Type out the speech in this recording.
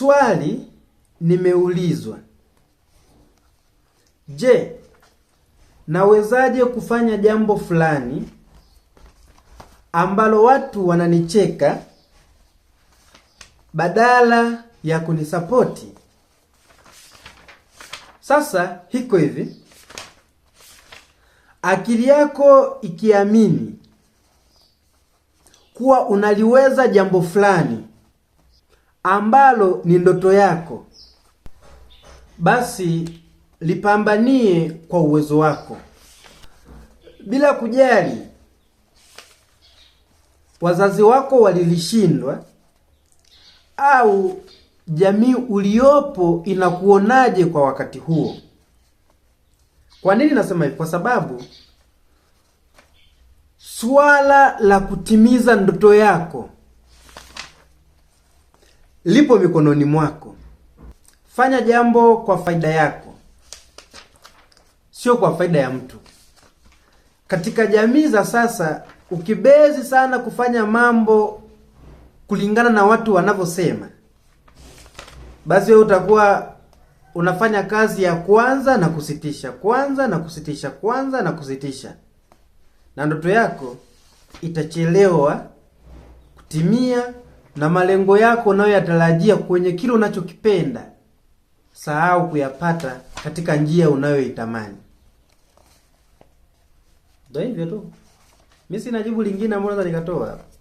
Swali nimeulizwa. Je, nawezaje kufanya jambo fulani ambalo watu wananicheka badala ya kunisapoti? Sasa hiko hivi. Akili yako ikiamini kuwa unaliweza jambo fulani ambalo ni ndoto yako, basi lipambanie kwa uwezo wako bila kujali wazazi wako walilishindwa au jamii uliopo inakuonaje kwa wakati huo. Kwa nini nasema hivi? Kwa sababu swala la kutimiza ndoto yako lipo mikononi mwako. Fanya jambo kwa faida yako, sio kwa faida ya mtu. Katika jamii za sasa, ukibezi sana kufanya mambo kulingana na watu wanavyosema, basi wewe utakuwa unafanya kazi ya kwanza na kusitisha, kwanza na kusitisha, kwanza na kusitisha, na ndoto yako itachelewa kutimia na malengo yako unayoyatarajia kwenye kile unachokipenda, sahau kuyapata katika njia unayoitamani. Ndio hivyo tu, mimi sina jibu lingine ambalo naweza nikatoa hapa.